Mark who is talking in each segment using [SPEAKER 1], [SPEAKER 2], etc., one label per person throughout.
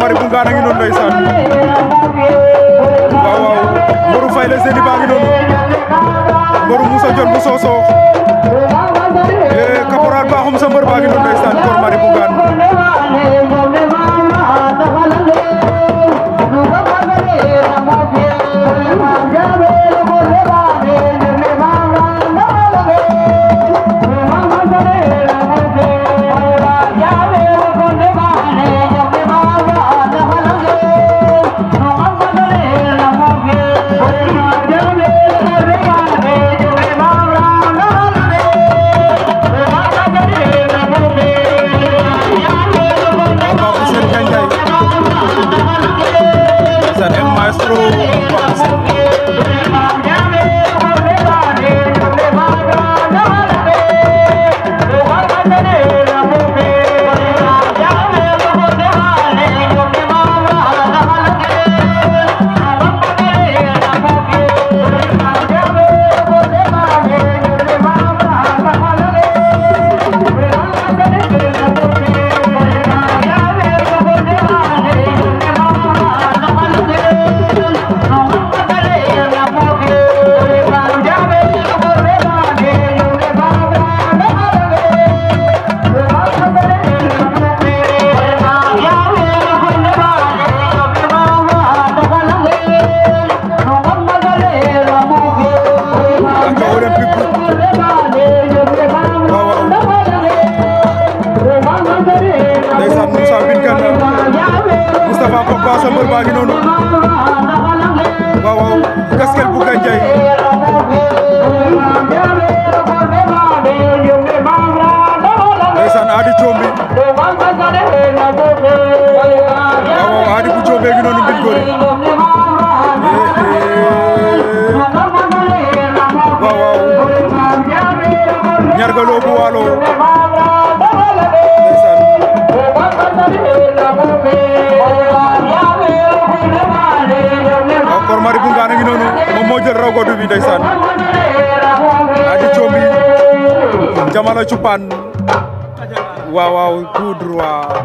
[SPEAKER 1] mari bungaan a ngi noonu ndeysaan waaw waaw mboru la seeni baa ngi noonu mboru Moussa Dione bu soosoo caporal eh, baaxum sa mbër baa ngi noonu ndeysaan kor mari bungaan Ndiarga Lô bu Waalo waaw Kor Mari Boungane a ngi noonu moom moo jël raw gàddu bi ndeysaan Aji Combi Jamala Cupaan waaw waaw tout droit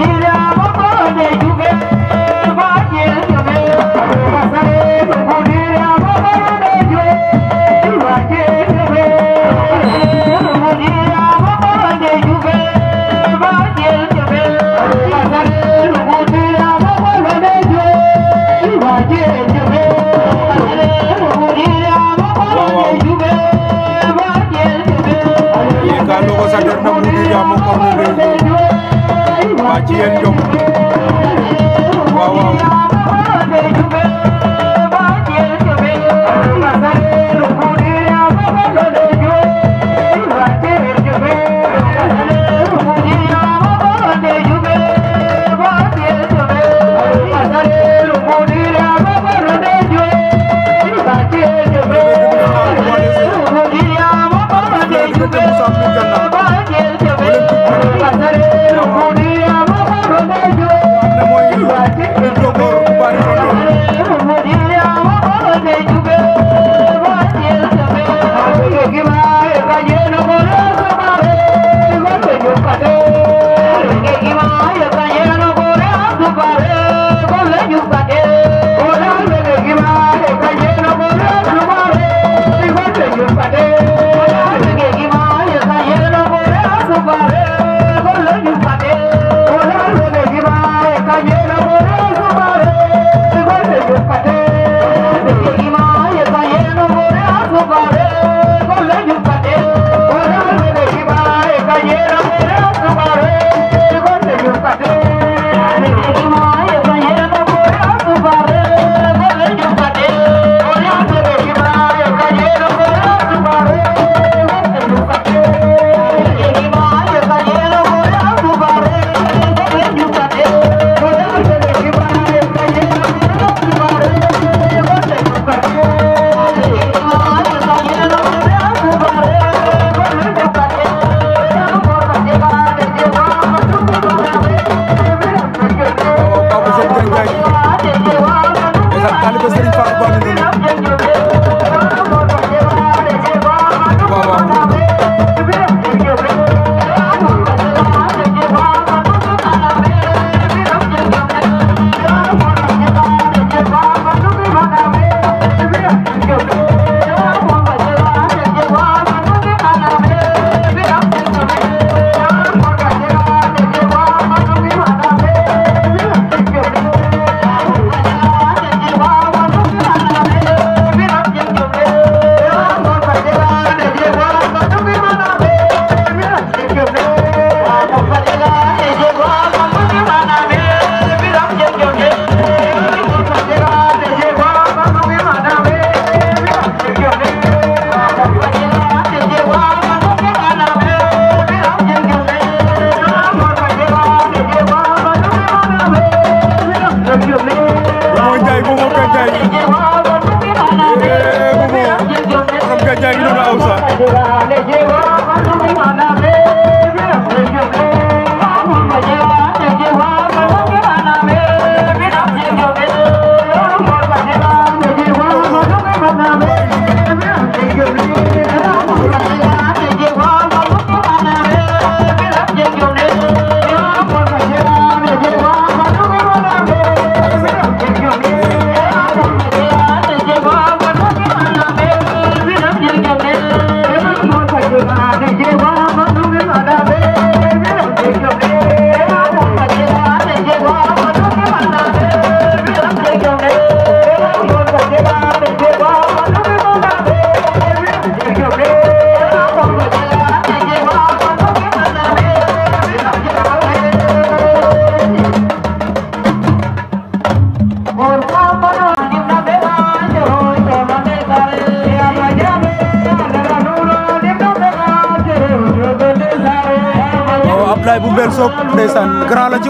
[SPEAKER 1] Madhura. quien Thank you.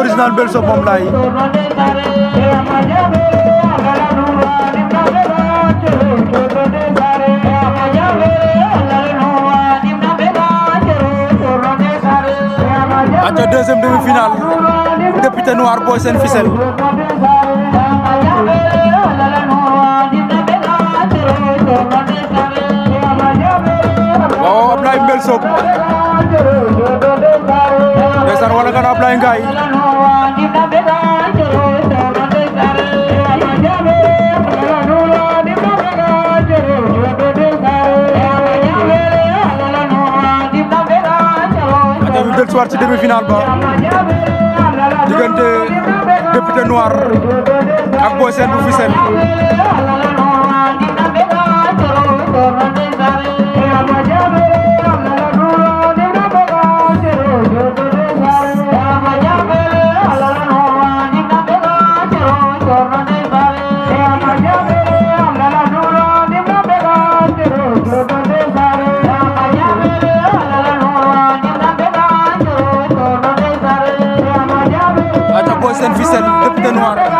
[SPEAKER 1] original Belso moom laay aca deuxième demi-finale député noir boy seen ficelle waaw Ablaye Mbel Sob ndeysaan wala nga na Ablaye Ngaye dellusiwaat ci demi-finale ba diggante député noir ak Boy Sène bu Fissel var.